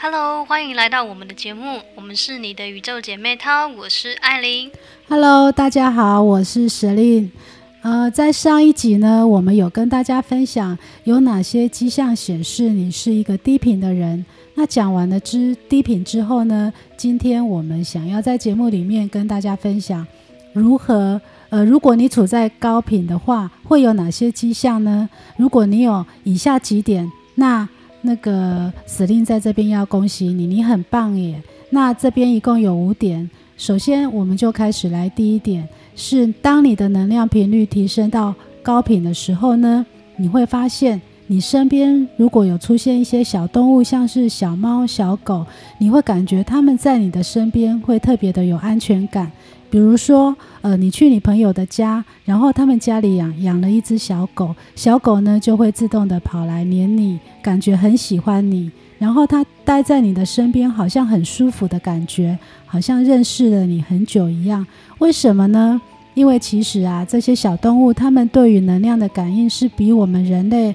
Hello，歡迎來到我們的節目，我們是你的宇宙姐妹淘，我是艾琳。Hello，大家好，我是 Selina。呃，在上一集呢，我們有跟大家分享有哪些跡象顯示你是一個低頻的人。那講完了之低頻之後呢，今天我們想要在節目裡面跟大家分享，如何呃，如果你處在高頻的話，會有哪些跡象呢？如果你有以下幾點，那那個司令在這邊要恭喜你，你很棒耶！那這邊一共有五點，首先我們就開始來。第一點是，當你的能量頻率提升到高頻的時候呢，你會發現你身邊如果有出現一些小動物，像是小貓、小狗，你會感覺他們在你的身邊會特別的有安全感。比如說，呃，你去你朋友的家，然後他們家裡養養了一隻小狗，小狗呢就會自動的跑來黏你，感覺很喜歡你，然後它待在你的身邊，好像很舒服的感覺，好像認識了你很久一樣。為什麼呢？因為其實啊，這些小動物它們對於能量的感應是比我們人類，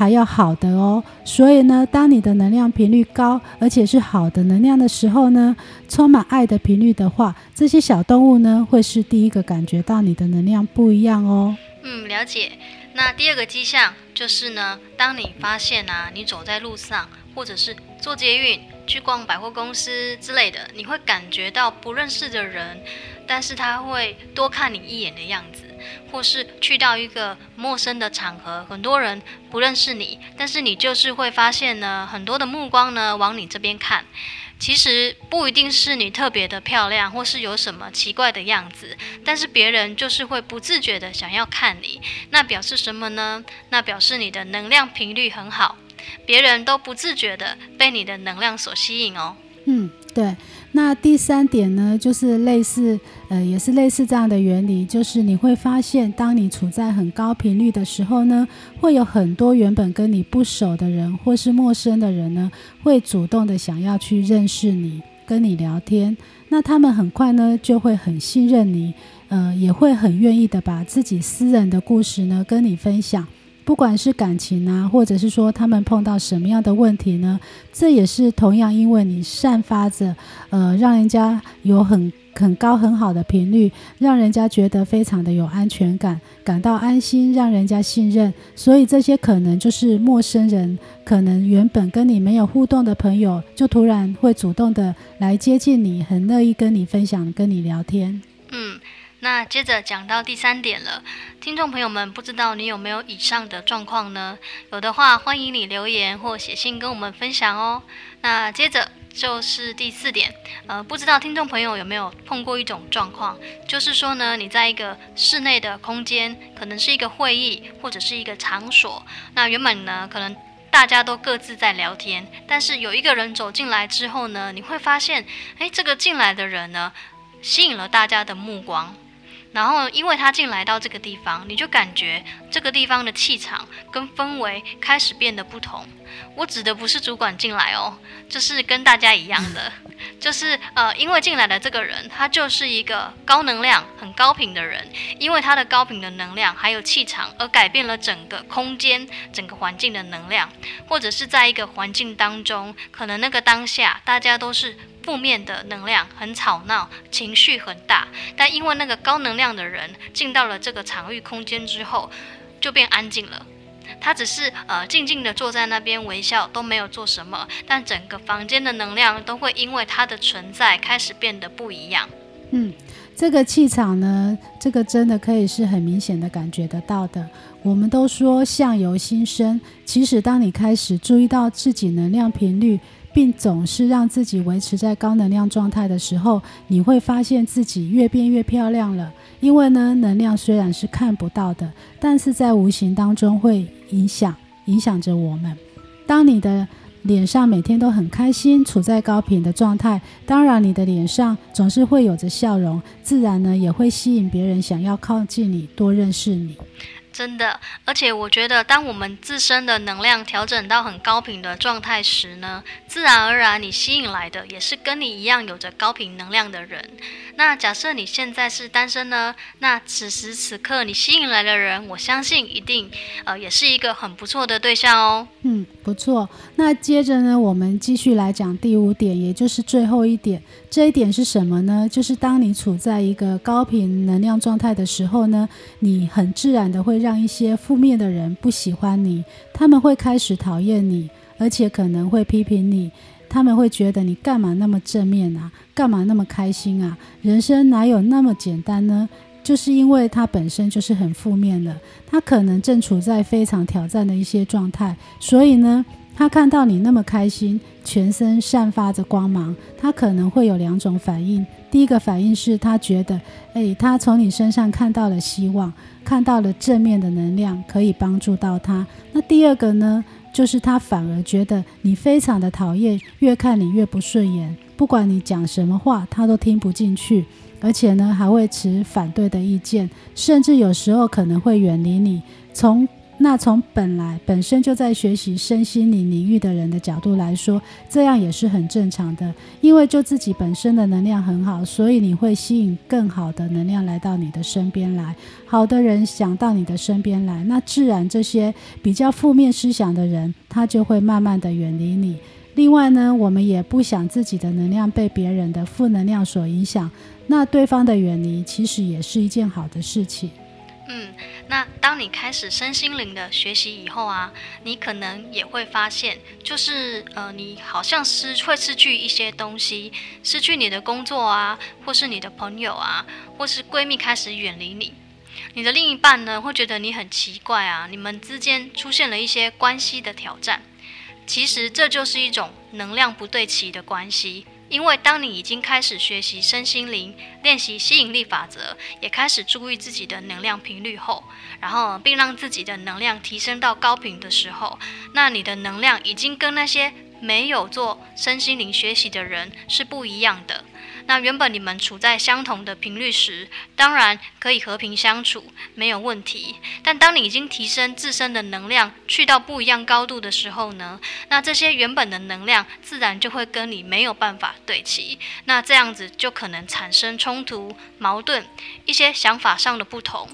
還要好的哦，所以呢，當你的能量頻率高，而且是好的能量的時候呢，充滿愛的頻率的話，這些小動物呢會是第一個感覺到你的能量不一樣哦。嗯，了解。那第二個跡象就是呢，當你發現啊，你走在路上，或者是坐捷運去逛百貨公司之類的，你會感覺到不認識的人，但是他會多看你一眼的樣子。或是去到一個陌生的場合，很多人不認識你，但是你就是會發現呢，很多的目光呢往你這邊看。其實不一定是你特別的漂亮，或是有什麼奇怪的樣子，但是別人就是會不自覺的想要看你。那表示什麼呢？那表示你的能量頻率很好，別人都不自覺的被你的能量所吸引哦。嗯，對。那第三點呢，就是類似，呃，也是類似這樣的原理，就是你會發現，當你處在很高頻率的時候呢，會有很多原本跟你不熟的人或是陌生的人呢，會主動的想要去認識你，跟你聊天。那他們很快呢，就會很信任你，呃，也會很願意的把自己私人的故事呢，跟你分享。不管是感情啊，或者是說他們碰到什麼樣的問題呢，這也是同樣，因為你散發着，呃，讓人家有很很高很好的頻率，讓人家覺得非常的有安全感，感到安心，讓人家信任。所以這些可能就是陌生人，可能原本跟你沒有互動的朋友，就突然會主動的來接近你，很樂意跟你分享，跟你聊天。那接着講到第三點了，聽眾朋友們，不知道你有沒有以上的狀況呢？有的話，歡迎你留言或寫信跟我們分享哦。那接着就是第四點，呃，不知道聽眾朋友有沒有碰過一種狀況，就是說呢，你在一個室內的空間，可能是一個會議或者是一個場所，那原本呢，可能大家都各自在聊天，但是有一個人走進來之後呢，你會發現，誒，這個進來的人呢，吸引了大家的目光。然後，因為他進來到這個地方，你就感覺這個地方的氣場跟氛圍開始變得不同。我指的不是主管進來哦，就是跟大家一樣的，就是呃，因為進來的這個人，他就是一個高能量、很高頻的人，因為他的高頻的能量還有氣場，而改變了整個空間、整個環境的能量，或者是在一個環境當中，可能那個當下大家都是。負面的能量很吵鬧，情緒很大，但因為那個高能量的人進到了這個場域空間之後，就變安靜了。他只是呃靜靜的坐在那邊微笑，都沒有做什麼，但整個房間的能量都會因為他的存在開始變得不一樣。嗯，這個氣場呢，這個真的可以是很明顯的感覺得到的。我們都說相由心生，其實當你開始注意到自己能量頻率，並總是讓自己維持在高能量狀態的時候，你會發現自己越變越漂亮了。因為呢，能量雖然是看不到的，但是在無形當中會影響影響着我們。當你的臉上每天都很開心，處在高頻的狀態，當然你的臉上總是會有着笑容，自然呢也會吸引別人想要靠近你，多認識你。真的，而且我覺得，當我們自身的能量調整到很高頻的狀態時呢，自然而然你吸引來的也是跟你一樣有着高頻能量的人。那假設你現在是單身呢，那此時此刻你吸引來的人，我相信一定呃也是一個很不錯的對象哦。嗯，不錯。那接着呢，我們繼續來講第五點，也就是最後一點。這一點是什麼呢？就是當你處在一個高頻能量狀態的時候呢，你很自然的會讓一些負面的人不喜歡你，他們會開始討厭你，而且可能會批評你。他們會覺得你幹嘛那麼正面啊，幹嘛那麼開心啊？人生哪有那麼簡單呢？就是因為它本身就是很負面的，它可能正處在非常挑戰的一些狀態，所以呢。他看到你那麼開心，全身散發着光芒，他可能會有兩種反應。第一個反應是他覺得，誒，他從你身上看到了希望，看到了正面的能量，可以幫助到他。那第二個呢，就是他反而覺得你非常的討厭，越看你越不順眼，不管你講什麼話，他都聽不進去，而且呢，還會持反對的意見，甚至有時候可能會遠離你。從那從本來本身就在學習身心靈領域的人的角度來說，這樣也是很正常的。因為就自己本身的能量很好，所以你會吸引更好的能量來到你的身邊來。好的人想到你的身邊來，那自然這些比較負面思想的人，他就會慢慢的遠離你。另外呢，我們也不想自己的能量被別人的負能量所影響。那對方的遠離其實也是一件好的事情。嗯。那當你開始身心靈的學習以後啊，你可能也會發現，就是呃，你好像失會失去一些東西，失去你的工作啊，或是你的朋友啊，或是閨蜜開始遠離你，你的另一半呢，會覺得你很奇怪啊，你們之間出現了一些關係的挑戰，其實這就是一種能量不對齊的關係。因為當你已經開始學習身心靈，練習吸引力法則，也開始注意自己的能量頻率後，然後並讓自己的能量提升到高頻的時候，那你的能量已經跟那些沒有做身心靈學習的人是不一樣的。那原本你們處在相同的頻率時，當然可以和平相處，沒有問題。但當你已經提升自身的能量，去到不一樣高度的時候呢，那這些原本的能量自然就會跟你沒有辦法對齊，那這樣子就可能產生衝突、矛盾，一些想法上的不同。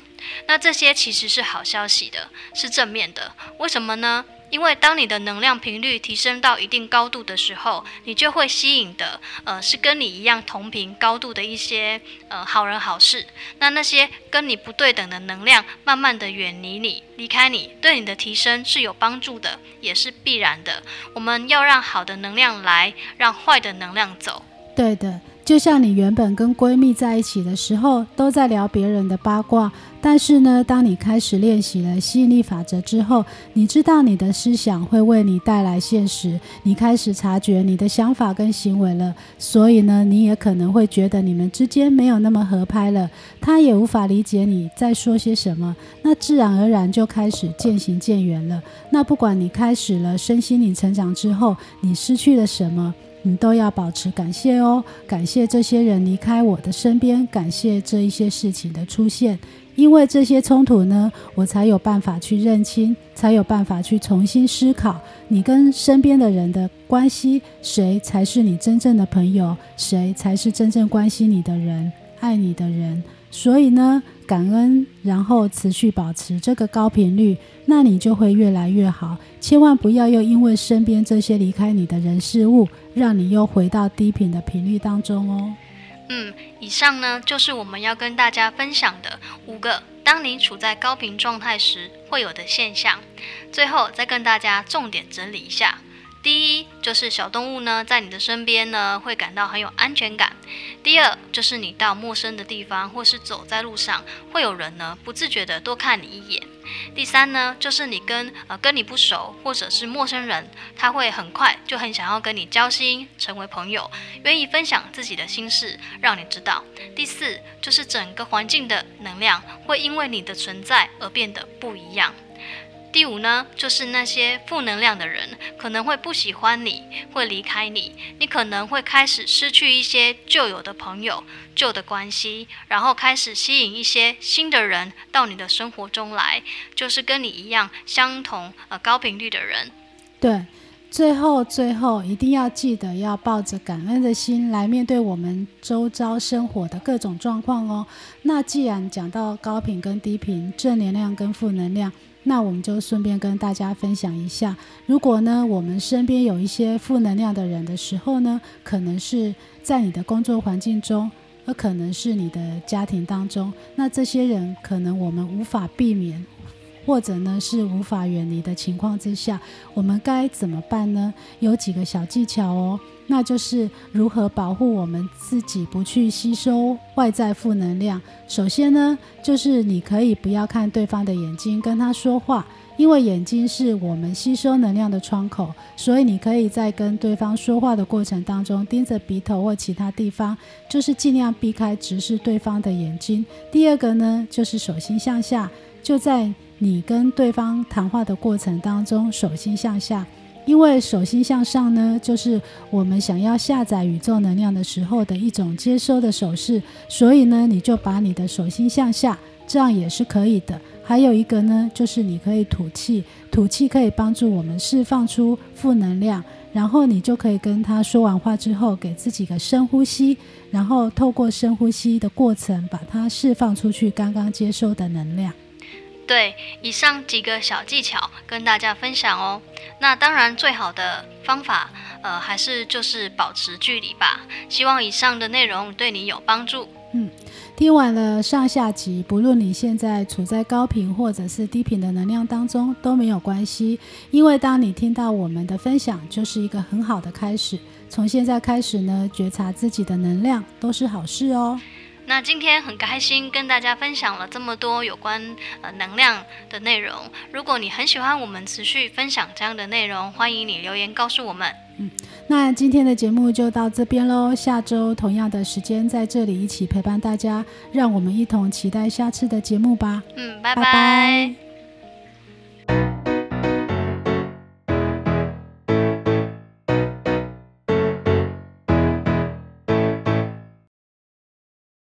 那這些其實是好消息的，是正面的。為什麼呢？因為當你的能量頻率提升到一定高度的時候，你就會吸引的，呃，是跟你一樣同頻高度的一些，呃，好人好事。那那些跟你不對等的能量，慢慢的遠離你，離開你，對你的提升是有幫助的，也是必然的。我們要讓好的能量來，讓壞的能量走。對的，就像你原本跟閨蜜在一起的時候，都在聊別人的八卦。但是呢，當你開始練習了吸引力法則之後，你知道你的思想會為你帶來現實，你開始察覺你的想法跟行為了。所以呢，你也可能會覺得你們之間沒有那麼合拍了，他也無法理解你在說些什麼，那自然而然就開始漸行漸遠了。那不管你開始了身心靈成長之後，你失去了什麼，你都要保持感謝哦，感謝這些人離開我的身邊，感謝這一些事情的出現。因為這些衝突呢，我才有辦法去認清，才有辦法去重新思考你跟身邊的人的關係，誰才是你真正的朋友，誰才是真正關心你的人、愛你的人。所以呢，感恩，然後持續保持這個高頻率，那你就會越來越好。千萬不要又因為身邊這些離開你的人事物，讓你又回到低頻的頻率當中哦。嗯，以上呢就是我們要跟大家分享的五個，當你處在高頻狀態時會有的現象。最後再跟大家重點整理一下：第一，就是小動物呢在你的身邊呢會感到很有安全感；第二，就是你到陌生的地方或是走在路上，會有人呢不自覺地多看你一眼。第三呢，就是你跟呃跟你不熟或者是陌生人，他會很快就很想要跟你交心，成為朋友，願意分享自己的心事，讓你知道。第四，就是整個環境的能量會因為你的存在而變得不一樣。第五呢，就是那些負能量的人可能會不喜歡你，會離開你，你可能會開始失去一些舊有的朋友、舊的關係，然後開始吸引一些新的人到你的生活中來，就是跟你一樣相同呃高頻率的人。對，最後最後一定要記得要抱着感恩的心來面對我們周遭生活的各種狀況哦。那既然講到高頻跟低頻、正能量跟負能量。那我們就順便跟大家分享一下，如果呢我們身邊有一些負能量的人的時候呢，可能是在你的工作環境中，而可能是你的家庭當中，那這些人可能我們無法避免。或者呢是無法遠離的情況之下，我們該怎麼辦呢？有幾個小技巧哦，那就是如何保護我們自己不去吸收外在負能量。首先呢，就是你可以不要看對方的眼睛跟他說話，因為眼睛是我們吸收能量的窗口，所以你可以在跟對方說話的過程當中盯着鼻頭或其他地方，就是盡量避開直視對方的眼睛。第二個呢，就是手心向下，就在。你跟對方談話的過程當中，手心向下，因為手心向上呢，就是我們想要下載宇宙能量的時候的一種接收的手勢。所以呢，你就把你的手心向下，這樣也是可以的。還有一個呢，就是你可以吐氣，吐氣可以幫助我們釋放出負能量。然後你就可以跟他說完話之後，給自己個深呼吸，然後透過深呼吸的過程，把它釋放出去剛剛接收的能量。對，以上幾個小技巧跟大家分享哦。那當然，最好的方法，呃，還是就是保持距離吧。希望以上的內容對你有幫助。嗯，聽完了上下集，不論你現在處在高頻或者是低頻的能量當中都沒有關係，因為當你聽到我們的分享，就是一個很好的開始。從現在開始呢，覺察自己的能量都是好事哦。那今天很開心跟大家分享了這麼多有關呃能量的內容。如果你很喜歡我們持續分享這樣的內容，歡迎你留言告訴我們。嗯，那今天的節目就到這邊嘍。下周同樣的時間在這裡一起陪伴大家，讓我們一同期待下次的節目吧。嗯，拜拜。Bye bye